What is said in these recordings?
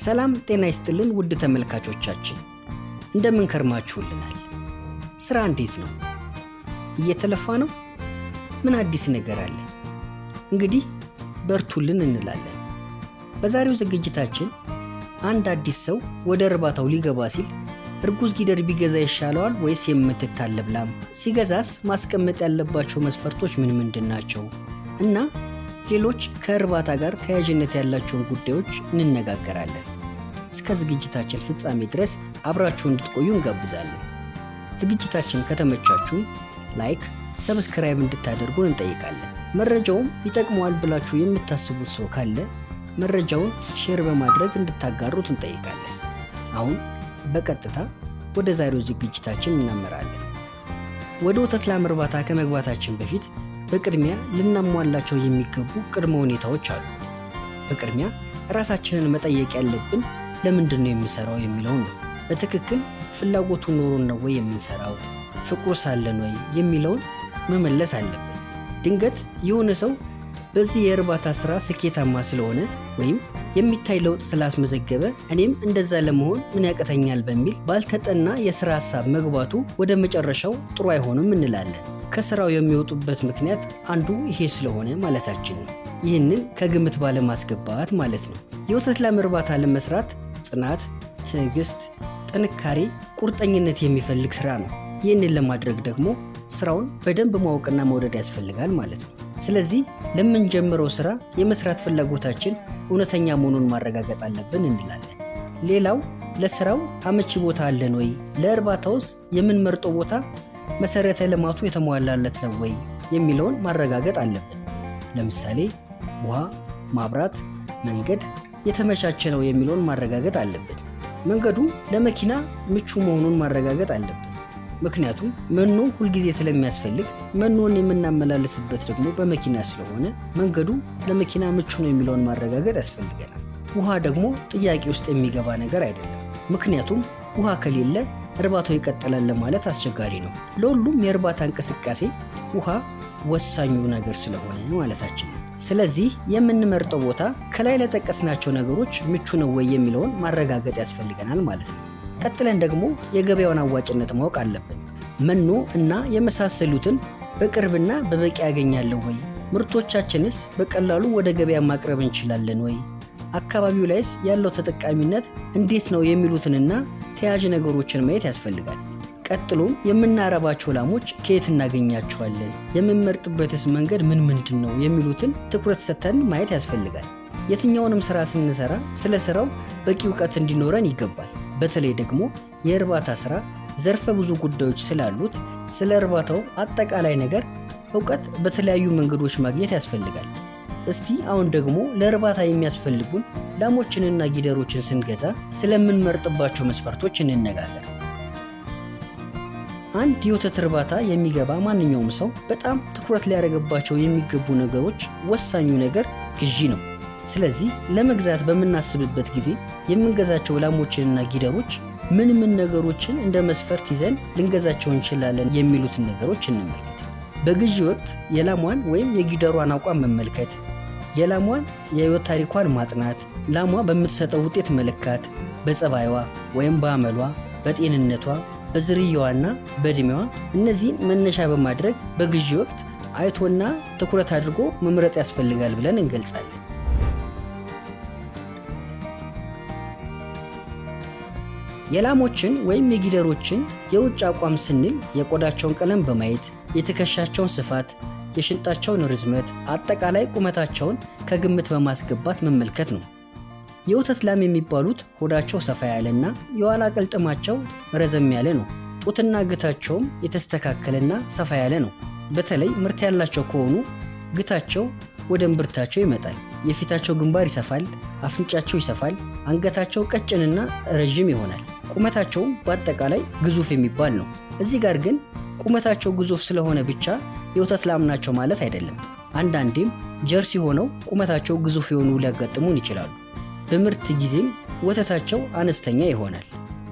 ሰላም ጤና ይስጥልን ውድ ተመልካቾቻችን፣ እንደምን ከርማችሁልናል? ስራ እንዴት ነው? እየተለፋ ነው? ምን አዲስ ነገር አለ? እንግዲህ በርቱልን እንላለን። በዛሬው ዝግጅታችን አንድ አዲስ ሰው ወደ እርባታው ሊገባ ሲል እርጉዝ ጊደር ቢገዛ ይሻለዋል ወይስ የምትታለብላም? ሲገዛስ ማስቀመጥ ያለባቸው መስፈርቶች ምን ምንድን ናቸው? እና ሌሎች ከእርባታ ጋር ተያያዥነት ያላቸውን ጉዳዮች እንነጋገራለን። እስከ ዝግጅታችን ፍጻሜ ድረስ አብራችሁ እንድትቆዩ እንጋብዛለን። ዝግጅታችን ከተመቻችሁ ላይክ፣ ሰብስክራይብ እንድታደርጉን እንጠይቃለን። መረጃውም ይጠቅመዋል ብላችሁ የምታስቡት ሰው ካለ መረጃውን ሼር በማድረግ እንድታጋሩት እንጠይቃለን። አሁን በቀጥታ ወደ ዛሬው ዝግጅታችን እናመራለን። ወደ ወተት ላም እርባታ ከመግባታችን በፊት በቅድሚያ ልናሟላቸው የሚገቡ ቅድመ ሁኔታዎች አሉ። በቅድሚያ ራሳችንን መጠየቅ ያለብን ለምንድን ነው የሚሰራው የሚለው ነው። በትክክል ፍላጎቱ ኖሮን ነው ወይ የምንሰራው፣ ፍቅሩ ሳለን ወይ የሚለውን መመለስ አለብን። ድንገት የሆነ ሰው በዚህ የእርባታ ስራ ስኬታማ ስለሆነ ወይም የሚታይ ለውጥ ስላስመዘገበ እኔም እንደዛ ለመሆን ምን ያቅተኛል በሚል ባልተጠና የስራ ሀሳብ መግባቱ ወደ መጨረሻው ጥሩ አይሆንም እንላለን። ከስራው የሚወጡበት ምክንያት አንዱ ይሄ ስለሆነ ማለታችን ነው። ይህንን ከግምት ባለማስገባት ማለት ነው። የወተት ላም እርባታ ለመስራት ጽናት፣ ትዕግስት፣ ጥንካሬ፣ ቁርጠኝነት የሚፈልግ ስራ ነው። ይህንን ለማድረግ ደግሞ ስራውን በደንብ ማወቅና መውደድ ያስፈልጋል ማለት ነው። ስለዚህ ለምንጀምረው ስራ የመስራት ፍላጎታችን እውነተኛ መሆኑን ማረጋገጥ አለብን እንላለን። ሌላው ለስራው አመቺ ቦታ አለን ወይ? ለእርባታውስ የምንመርጠው ቦታ መሰረተ ልማቱ የተሟላለት ነው ወይ የሚለውን ማረጋገጥ አለብን። ለምሳሌ ውሃ፣ ማብራት፣ መንገድ የተመቻቸ ነው የሚለውን ማረጋገጥ አለብን። መንገዱ ለመኪና ምቹ መሆኑን ማረጋገጥ አለብን። ምክንያቱም መኖ ሁልጊዜ ስለሚያስፈልግ መኖን የምናመላልስበት ደግሞ በመኪና ስለሆነ መንገዱ ለመኪና ምቹ ነው የሚለውን ማረጋገጥ ያስፈልገናል። ውሃ ደግሞ ጥያቄ ውስጥ የሚገባ ነገር አይደለም። ምክንያቱም ውሃ ከሌለ እርባታው ይቀጥላል ለማለት አስቸጋሪ ነው። ለሁሉም የእርባታ እንቅስቃሴ ውሃ ወሳኙ ነገር ስለሆነ ማለታችን ስለዚህ የምንመርጠው ቦታ ከላይ ለጠቀስናቸው ነገሮች ምቹ ነው ወይ የሚለውን ማረጋገጥ ያስፈልገናል ማለት ነው። ቀጥለን ደግሞ የገበያውን አዋጭነት ማወቅ አለብን። መኖ እና የመሳሰሉትን በቅርብና በበቂ ያገኛለሁ ወይ? ምርቶቻችንስ በቀላሉ ወደ ገበያ ማቅረብ እንችላለን ወይ? አካባቢው ላይስ ያለው ተጠቃሚነት እንዴት ነው የሚሉትንና ተያዥ ነገሮችን ማየት ያስፈልጋል። ቀጥሎም የምናረባቸው ላሞች ከየት እናገኛቸዋለን፣ የምንመርጥበትስ መንገድ ምን ምንድን ነው የሚሉትን ትኩረት ሰጥተን ማየት ያስፈልጋል። የትኛውንም ስራ ስንሰራ ስለ ስራው በቂ እውቀት እንዲኖረን ይገባል። በተለይ ደግሞ የእርባታ ስራ ዘርፈ ብዙ ጉዳዮች ስላሉት ስለ እርባታው አጠቃላይ ነገር እውቀት በተለያዩ መንገዶች ማግኘት ያስፈልጋል። እስቲ አሁን ደግሞ ለእርባታ የሚያስፈልጉን ላሞችንና ጊደሮችን ስንገዛ ስለምንመርጥባቸው መስፈርቶች እንነጋገር። አንድ የወተት እርባታ የሚገባ ማንኛውም ሰው በጣም ትኩረት ሊያደርግባቸው የሚገቡ ነገሮች ወሳኙ ነገር ግዢ ነው። ስለዚህ ለመግዛት በምናስብበት ጊዜ የምንገዛቸው ላሞችንና ጊደሮች ምን ምን ነገሮችን እንደ መስፈርት ይዘን ልንገዛቸው እንችላለን የሚሉትን ነገሮች እንመልከት። በግዢ ወቅት የላሟን ወይም የጊደሯን አቋም መመልከት፣ የላሟን የህይወት ታሪኳን ማጥናት፣ ላሟ በምትሰጠው ውጤት መለካት፣ በጸባይዋ ወይም በአመሏ፣ በጤንነቷ በዝርያዋና በእድሜዋ እነዚህን መነሻ በማድረግ በግዢ ወቅት አይቶና ትኩረት አድርጎ መምረጥ ያስፈልጋል ብለን እንገልጻለን። የላሞችን ወይም የጊደሮችን የውጭ አቋም ስንል የቆዳቸውን ቀለም በማየት የትከሻቸውን ስፋት፣ የሽንጣቸውን ርዝመት፣ አጠቃላይ ቁመታቸውን ከግምት በማስገባት መመልከት ነው። የወተት ላም የሚባሉት ሆዳቸው ሰፋ ያለና የኋላ ቅልጥማቸው ረዘም ያለ ነው። ጡትና ግታቸውም የተስተካከለና ሰፋ ያለ ነው። በተለይ ምርት ያላቸው ከሆኑ ግታቸው ወደ እምብርታቸው ይመጣል። የፊታቸው ግንባር ይሰፋል፣ አፍንጫቸው ይሰፋል፣ አንገታቸው ቀጭንና ረዥም ይሆናል። ቁመታቸውም በአጠቃላይ ግዙፍ የሚባል ነው። እዚህ ጋር ግን ቁመታቸው ግዙፍ ስለሆነ ብቻ የወተት ላም ናቸው ማለት አይደለም። አንዳንዴም ጀርሲ ሆነው ቁመታቸው ግዙፍ የሆኑ ሊያጋጥሙን ይችላሉ። በምርት ጊዜም ወተታቸው አነስተኛ ይሆናል።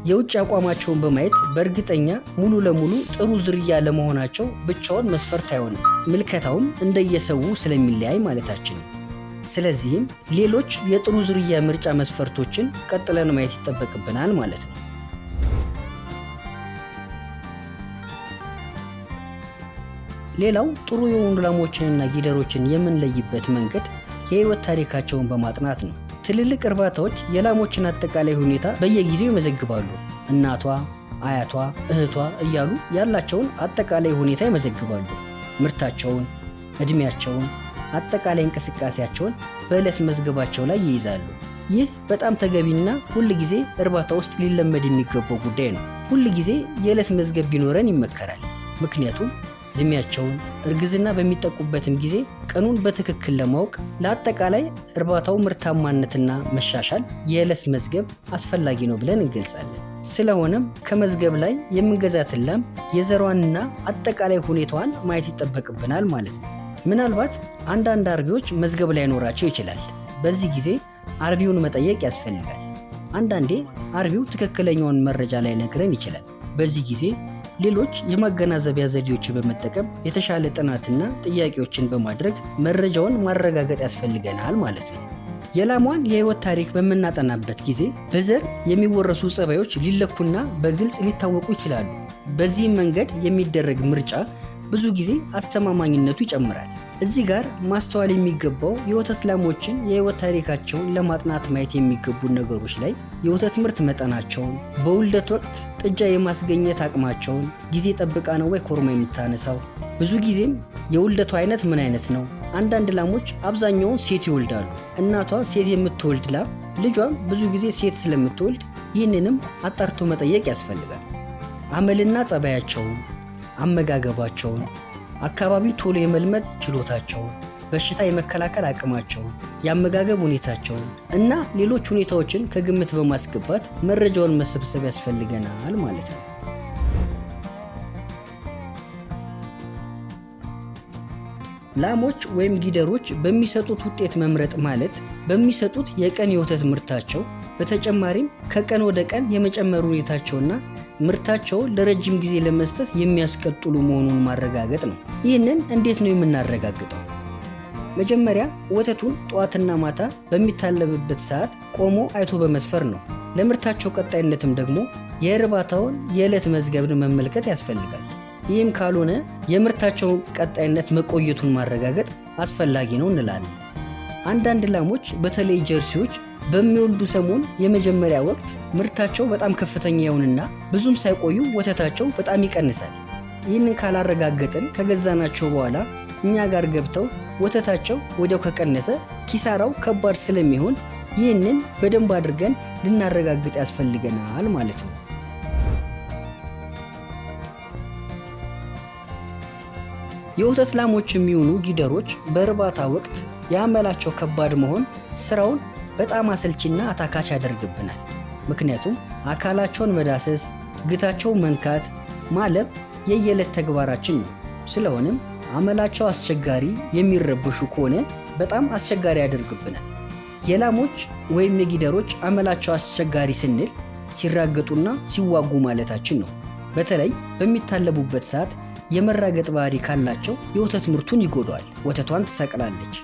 የውጭ አቋማቸውን በማየት በእርግጠኛ ሙሉ ለሙሉ ጥሩ ዝርያ ለመሆናቸው ብቻውን መስፈርት አይሆንም። ምልከታውም እንደየሰው ስለሚለያይ ማለታችን። ስለዚህም ሌሎች የጥሩ ዝርያ ምርጫ መስፈርቶችን ቀጥለን ማየት ይጠበቅብናል ማለት ነው። ሌላው ጥሩ የሆኑ ላሞችንና ጊደሮችን የምንለይበት መንገድ የህይወት ታሪካቸውን በማጥናት ነው። ትልልቅ እርባታዎች የላሞችን አጠቃላይ ሁኔታ በየጊዜው ይመዘግባሉ። እናቷ፣ አያቷ፣ እህቷ እያሉ ያላቸውን አጠቃላይ ሁኔታ ይመዘግባሉ። ምርታቸውን፣ እድሜያቸውን፣ አጠቃላይ እንቅስቃሴያቸውን በዕለት መዝገባቸው ላይ ይይዛሉ። ይህ በጣም ተገቢና ሁል ጊዜ እርባታ ውስጥ ሊለመድ የሚገባው ጉዳይ ነው። ሁል ጊዜ የዕለት መዝገብ ቢኖረን ይመከራል። ምክንያቱም እድሜያቸውን፣ እርግዝና በሚጠቁበትም ጊዜ ቀኑን በትክክል ለማወቅ ለአጠቃላይ እርባታው ምርታማነትና መሻሻል የዕለት መዝገብ አስፈላጊ ነው ብለን እንገልጻለን። ስለሆነም ከመዝገብ ላይ የምንገዛትን ላም የዘሯንና አጠቃላይ ሁኔታዋን ማየት ይጠበቅብናል ማለት ነው። ምናልባት አንዳንድ አርቢዎች መዝገብ ላይኖራቸው ይችላል። በዚህ ጊዜ አርቢውን መጠየቅ ያስፈልጋል። አንዳንዴ አርቢው ትክክለኛውን መረጃ ላይ ነግረን ይችላል። በዚህ ጊዜ ሌሎች የማገናዘቢያ ዘዴዎችን በመጠቀም የተሻለ ጥናትና ጥያቄዎችን በማድረግ መረጃውን ማረጋገጥ ያስፈልገናል ማለት ነው። የላሟን የህይወት ታሪክ በምናጠናበት ጊዜ በዘር የሚወረሱ ጸባዮች ሊለኩና በግልጽ ሊታወቁ ይችላሉ። በዚህም መንገድ የሚደረግ ምርጫ ብዙ ጊዜ አስተማማኝነቱ ይጨምራል። እዚህ ጋር ማስተዋል የሚገባው የወተት ላሞችን የህይወት ታሪካቸውን ለማጥናት ማየት የሚገቡ ነገሮች ላይ የወተት ምርት መጠናቸውን፣ በውልደት ወቅት ጥጃ የማስገኘት አቅማቸውን፣ ጊዜ ጠብቃ ነው ወይ ኮርማ የምታነሳው፣ ብዙ ጊዜም የውልደቱ አይነት ምን አይነት ነው። አንዳንድ ላሞች አብዛኛውን ሴት ይወልዳሉ። እናቷ ሴት የምትወልድ ላም ልጇም ብዙ ጊዜ ሴት ስለምትወልድ ይህንንም አጣርቶ መጠየቅ ያስፈልጋል። አመልና ጸባያቸውን፣ አመጋገባቸውን አካባቢ ቶሎ የመልመድ ችሎታቸውን፣ በሽታ የመከላከል አቅማቸውን፣ የአመጋገብ ሁኔታቸውን እና ሌሎች ሁኔታዎችን ከግምት በማስገባት መረጃውን መሰብሰብ ያስፈልገናል ማለት ነው። ላሞች ወይም ጊደሮች በሚሰጡት ውጤት መምረጥ ማለት በሚሰጡት የቀን የወተት ምርታቸው በተጨማሪም ከቀን ወደ ቀን የመጨመር ሁኔታቸውና ምርታቸው ለረጅም ጊዜ ለመስጠት የሚያስቀጥሉ መሆኑን ማረጋገጥ ነው። ይህንን እንዴት ነው የምናረጋግጠው? መጀመሪያ ወተቱን ጠዋትና ማታ በሚታለብበት ሰዓት ቆሞ አይቶ በመስፈር ነው። ለምርታቸው ቀጣይነትም ደግሞ የእርባታውን የዕለት መዝገብን መመልከት ያስፈልጋል። ይህም ካልሆነ የምርታቸው ቀጣይነት መቆየቱን ማረጋገጥ አስፈላጊ ነው እንላለን። አንዳንድ ላሞች በተለይ ጀርሲዎች በሚወልዱ ሰሞን የመጀመሪያ ወቅት ምርታቸው በጣም ከፍተኛ የሆንና ብዙም ሳይቆዩ ወተታቸው በጣም ይቀንሳል። ይህንን ካላረጋገጥን ከገዛናቸው በኋላ እኛ ጋር ገብተው ወተታቸው ወዲያው ከቀነሰ ኪሳራው ከባድ ስለሚሆን ይህንን በደንብ አድርገን ልናረጋግጥ ያስፈልገናል ማለት ነው። የወተት ላሞች የሚሆኑ ጊደሮች በእርባታ ወቅት የአመላቸው ከባድ መሆን ስራውን በጣም አሰልቺና አታካች ያደርግብናል። ምክንያቱም አካላቸውን መዳሰስ፣ ግታቸው መንካት፣ ማለብ የየዕለት ተግባራችን ነው። ስለሆነም አመላቸው አስቸጋሪ፣ የሚረብሹ ከሆነ በጣም አስቸጋሪ ያደርግብናል። የላሞች ወይም የጊደሮች አመላቸው አስቸጋሪ ስንል ሲራገጡና ሲዋጉ ማለታችን ነው። በተለይ በሚታለቡበት ሰዓት የመራገጥ ባህሪ ካላቸው የወተት ምርቱን ይጎዳዋል። ወተቷን ትሰቅላለች።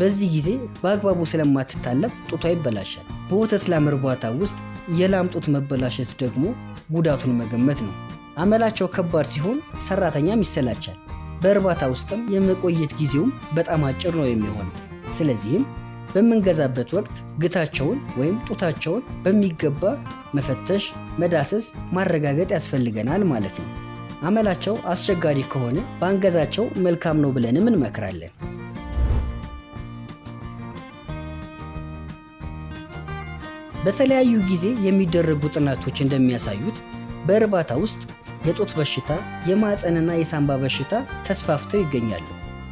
በዚህ ጊዜ በአግባቡ ስለማትታለብ ጡቷ ይበላሻል። በወተት ላም እርባታ ውስጥ የላም ጡት መበላሸት ደግሞ ጉዳቱን መገመት ነው። አመላቸው ከባድ ሲሆን ሰራተኛም ይሰላቻል። በእርባታ ውስጥም የመቆየት ጊዜውም በጣም አጭር ነው የሚሆነው። ስለዚህም በምንገዛበት ወቅት ግታቸውን ወይም ጡታቸውን በሚገባ መፈተሽ፣ መዳሰስ፣ ማረጋገጥ ያስፈልገናል ማለት ነው። አመላቸው አስቸጋሪ ከሆነ ባንገዛቸው መልካም ነው ብለንም እንመክራለን። በተለያዩ ጊዜ የሚደረጉ ጥናቶች እንደሚያሳዩት በእርባታ ውስጥ የጡት በሽታ፣ የማዕፀንና የሳንባ በሽታ ተስፋፍተው ይገኛሉ።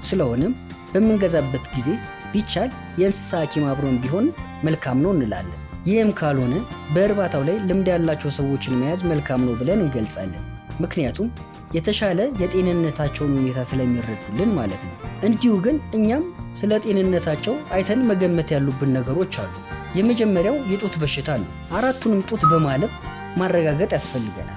ስለሆነም በምንገዛበት ጊዜ ቢቻል የእንስሳ ሐኪም አብሮን ቢሆን መልካም ነው እንላለን። ይህም ካልሆነ በእርባታው ላይ ልምድ ያላቸው ሰዎችን መያዝ መልካም ነው ብለን እንገልጻለን። ምክንያቱም የተሻለ የጤንነታቸውን ሁኔታ ስለሚረዱልን ማለት ነው። እንዲሁ ግን እኛም ስለ ጤንነታቸው አይተን መገመት ያሉብን ነገሮች አሉ። የመጀመሪያው የጡት በሽታ ነው። አራቱንም ጡት በማለብ ማረጋገጥ ያስፈልገናል።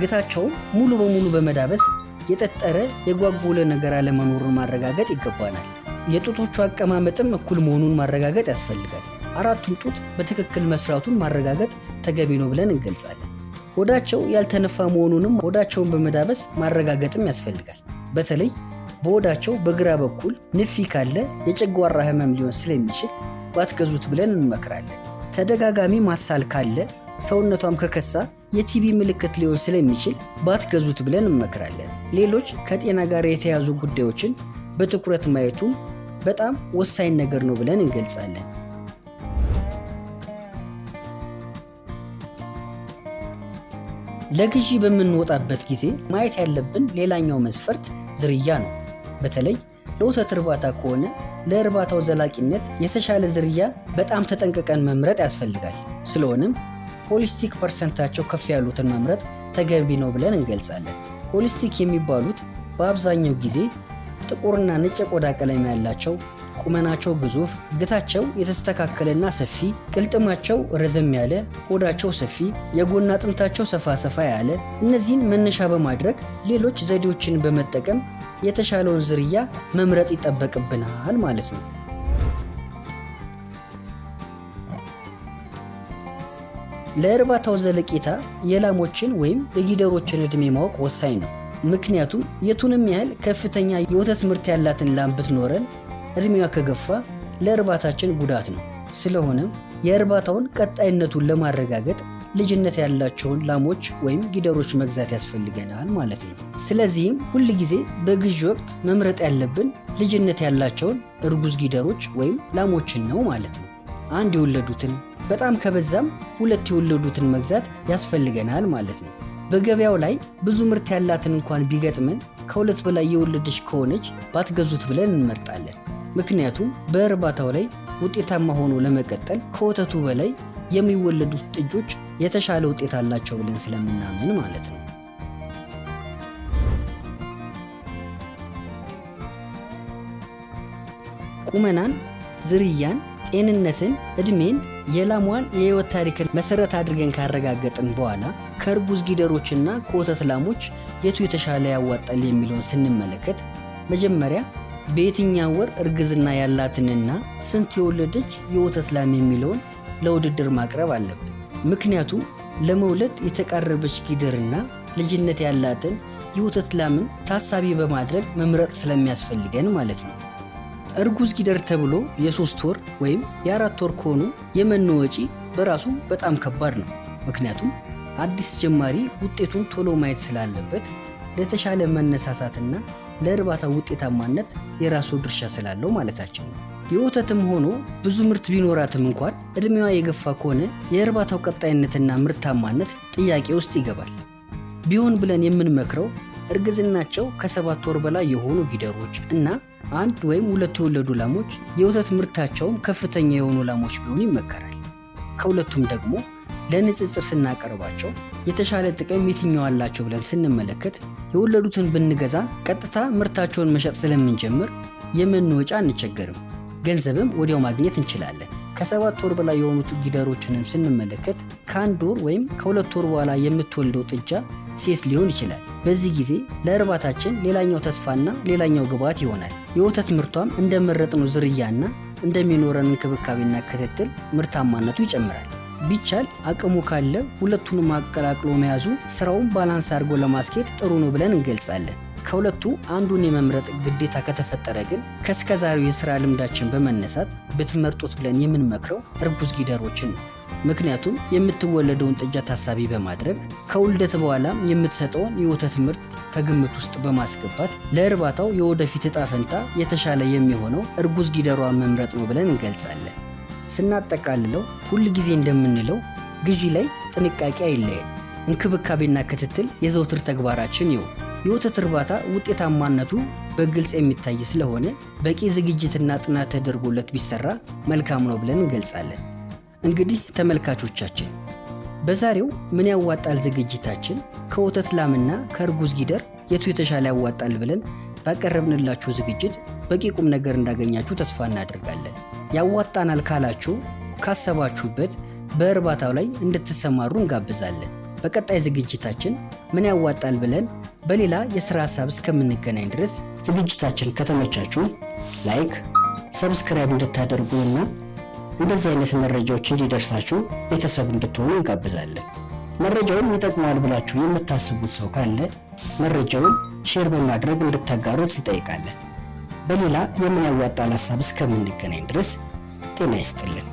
ግታቸውም ሙሉ በሙሉ በመዳበስ የጠጠረ የጓጎለ ነገር አለመኖሩን ማረጋገጥ ይገባናል። የጡቶቹ አቀማመጥም እኩል መሆኑን ማረጋገጥ ያስፈልጋል። አራቱም ጡት በትክክል መስራቱን ማረጋገጥ ተገቢ ነው ብለን እንገልጻለን። ሆዳቸው ያልተነፋ መሆኑንም ሆዳቸውን በመዳበስ ማረጋገጥም ያስፈልጋል። በተለይ በሆዳቸው በግራ በኩል ንፊ ካለ የጨጓራ ህመም ሊሆን ስለሚችል ባትገዙት ብለን እንመክራለን። ተደጋጋሚ ማሳል ካለ ሰውነቷም ከከሳ የቲቢ ምልክት ሊሆን ስለሚችል ባትገዙት ብለን እንመክራለን። ሌሎች ከጤና ጋር የተያዙ ጉዳዮችን በትኩረት ማየቱም በጣም ወሳኝ ነገር ነው ብለን እንገልጻለን። ለግዢ በምንወጣበት ጊዜ ማየት ያለብን ሌላኛው መስፈርት ዝርያ ነው። በተለይ ለወተት እርባታ ከሆነ ለእርባታው ዘላቂነት የተሻለ ዝርያ በጣም ተጠንቅቀን መምረጥ ያስፈልጋል። ስለሆነም ሆሊስቲክ ፐርሰንታቸው ከፍ ያሉትን መምረጥ ተገቢ ነው ብለን እንገልጻለን። ሆሊስቲክ የሚባሉት በአብዛኛው ጊዜ ጥቁርና ነጭ ቆዳ ቀለም ያላቸው ቁመናቸው ግዙፍ፣ ግታቸው የተስተካከለና ሰፊ፣ ቅልጥማቸው ረዘም ያለ፣ ሆዳቸው ሰፊ፣ የጎን አጥንታቸው ሰፋ ሰፋ ያለ። እነዚህን መነሻ በማድረግ ሌሎች ዘዴዎችን በመጠቀም የተሻለውን ዝርያ መምረጥ ይጠበቅብናል ማለት ነው። ለእርባታው ዘለቄታ የላሞችን ወይም የጊደሮችን ዕድሜ ማወቅ ወሳኝ ነው። ምክንያቱም የቱንም ያህል ከፍተኛ የወተት ምርት ያላትን ላም ብትኖረን እድሜዋ ከገፋ ለእርባታችን ጉዳት ነው። ስለሆነም የእርባታውን ቀጣይነቱን ለማረጋገጥ ልጅነት ያላቸውን ላሞች ወይም ጊደሮች መግዛት ያስፈልገናል ማለት ነው። ስለዚህም ሁል ጊዜ በግዢ ወቅት መምረጥ ያለብን ልጅነት ያላቸውን እርጉዝ ጊደሮች ወይም ላሞችን ነው ማለት ነው። አንድ የወለዱትን በጣም ከበዛም ሁለት የወለዱትን መግዛት ያስፈልገናል ማለት ነው። በገበያው ላይ ብዙ ምርት ያላትን እንኳን ቢገጥመን ከሁለት በላይ የወለደች ከሆነች ባትገዙት ብለን እንመርጣለን። ምክንያቱም በእርባታው ላይ ውጤታማ ሆኖ ለመቀጠል ከወተቱ በላይ የሚወለዱት ጥጆች የተሻለ ውጤት አላቸው ብለን ስለምናምን ማለት ነው። ቁመናን፣ ዝርያን፣ ጤንነትን፣ እድሜን፣ የላሟን የህይወት ታሪክን መሰረት አድርገን ካረጋገጥን በኋላ ከእርጉዝ ጊደሮችና ከወተት ላሞች የቱ የተሻለ ያዋጣል የሚለውን ስንመለከት መጀመሪያ በየትኛው ወር እርግዝና ያላትንና ስንት የወለደች የወተት ላም የሚለውን ለውድድር ማቅረብ አለብን። ምክንያቱም ለመውለድ የተቃረበች ጊደርና ልጅነት ያላትን የወተት ላምን ታሳቢ በማድረግ መምረጥ ስለሚያስፈልገን ማለት ነው። እርጉዝ ጊደር ተብሎ የሶስት ወር ወይም የአራት ወር ከሆኑ የመኖ ወጪ በራሱ በጣም ከባድ ነው። ምክንያቱም አዲስ ጀማሪ ውጤቱን ቶሎ ማየት ስላለበት ለተሻለ መነሳሳትና ለእርባታ ውጤታማነት የራሱ ድርሻ ስላለው ማለታችን ነው። የወተትም ሆኖ ብዙ ምርት ቢኖራትም እንኳን ዕድሜዋ የገፋ ከሆነ የእርባታው ቀጣይነትና ምርታማነት ጥያቄ ውስጥ ይገባል። ቢሆን ብለን የምንመክረው እርግዝናቸው ከሰባት ወር በላይ የሆኑ ጊደሮች እና አንድ ወይም ሁለት የወለዱ ላሞች የወተት ምርታቸውም ከፍተኛ የሆኑ ላሞች ቢሆን ይመከራል። ከሁለቱም ደግሞ ለንጽጽር ስናቀርባቸው የተሻለ ጥቅም የትኛው አላቸው ብለን ስንመለከት የወለዱትን ብንገዛ ቀጥታ ምርታቸውን መሸጥ ስለምንጀምር የመኖ ወጪ አንቸገርም፣ ገንዘብም ወዲያው ማግኘት እንችላለን። ከሰባት ወር በላይ የሆኑት ጊደሮችንም ስንመለከት ከአንድ ወር ወይም ከሁለት ወር በኋላ የምትወልደው ጥጃ ሴት ሊሆን ይችላል። በዚህ ጊዜ ለእርባታችን ሌላኛው ተስፋና ሌላኛው ግብዓት ይሆናል። የወተት ምርቷም እንደመረጥነው ዝርያና እንደሚኖረን እንክብካቤና ክትትል ምርታማነቱ ይጨምራል። ቢቻል አቅሙ ካለ ሁለቱንም አቀላቅሎ መያዙ ስራውን ባላንስ አድርጎ ለማስኬድ ጥሩ ነው ብለን እንገልጻለን። ከሁለቱ አንዱን የመምረጥ ግዴታ ከተፈጠረ ግን ዛሬው የሥራ ልምዳችን በመነሳት ብትመርጡት ብለን የምንመክረው እርጉዝ ጊደሮችን ነው። ምክንያቱም የምትወለደውን ጥጃ ታሳቢ በማድረግ ከውልደት በኋላም የምትሰጠውን የወተት ምርት ከግምት ውስጥ በማስገባት ለእርባታው የወደፊት እጣ ፈንታ የተሻለ የሚሆነው እርጉዝ ጊደሯን መምረጥ ነው ብለን እንገልጻለን። ስናጠቃልለው ሁል ጊዜ እንደምንለው ግዢ ላይ ጥንቃቄ አይለየ እንክብካቤና ክትትል የዘውትር ተግባራችን ይው። የወተት እርባታ ውጤታማነቱ በግልጽ የሚታይ ስለሆነ በቂ ዝግጅትና ጥናት ተደርጎለት ቢሰራ መልካም ነው ብለን እንገልጻለን። እንግዲህ ተመልካቾቻችን በዛሬው ምን ያዋጣል ዝግጅታችን ከወተት ላምና ከእርጉዝ ጊደር የቱ የተሻለ ያዋጣል ብለን ባቀረብንላችሁ ዝግጅት በቂ ቁም ነገር እንዳገኛችሁ ተስፋ እናደርጋለን። ያዋጣናል ካላችሁ ካሰባችሁበት በእርባታው ላይ እንድትሰማሩ እንጋብዛለን። በቀጣይ ዝግጅታችን ምን ያዋጣል ብለን በሌላ የሥራ ሀሳብ እስከምንገናኝ ድረስ ዝግጅታችን ከተመቻችሁ ላይክ፣ ሰብስክራይብ እና እንደዚህ አይነት መረጃዎች እንዲደርሳችሁ ቤተሰብ እንድትሆኑ እንጋብዛለን። መረጃውን ይጠቅመዋል ብላችሁ የምታስቡት ሰው ካለ መረጃውን ሼር በማድረግ እንድታጋሩት እንጠይቃለን። በሌላ የምናዋጣን ሀሳብ እስከምንገናኝ ድረስ ጤና ይስጥልን።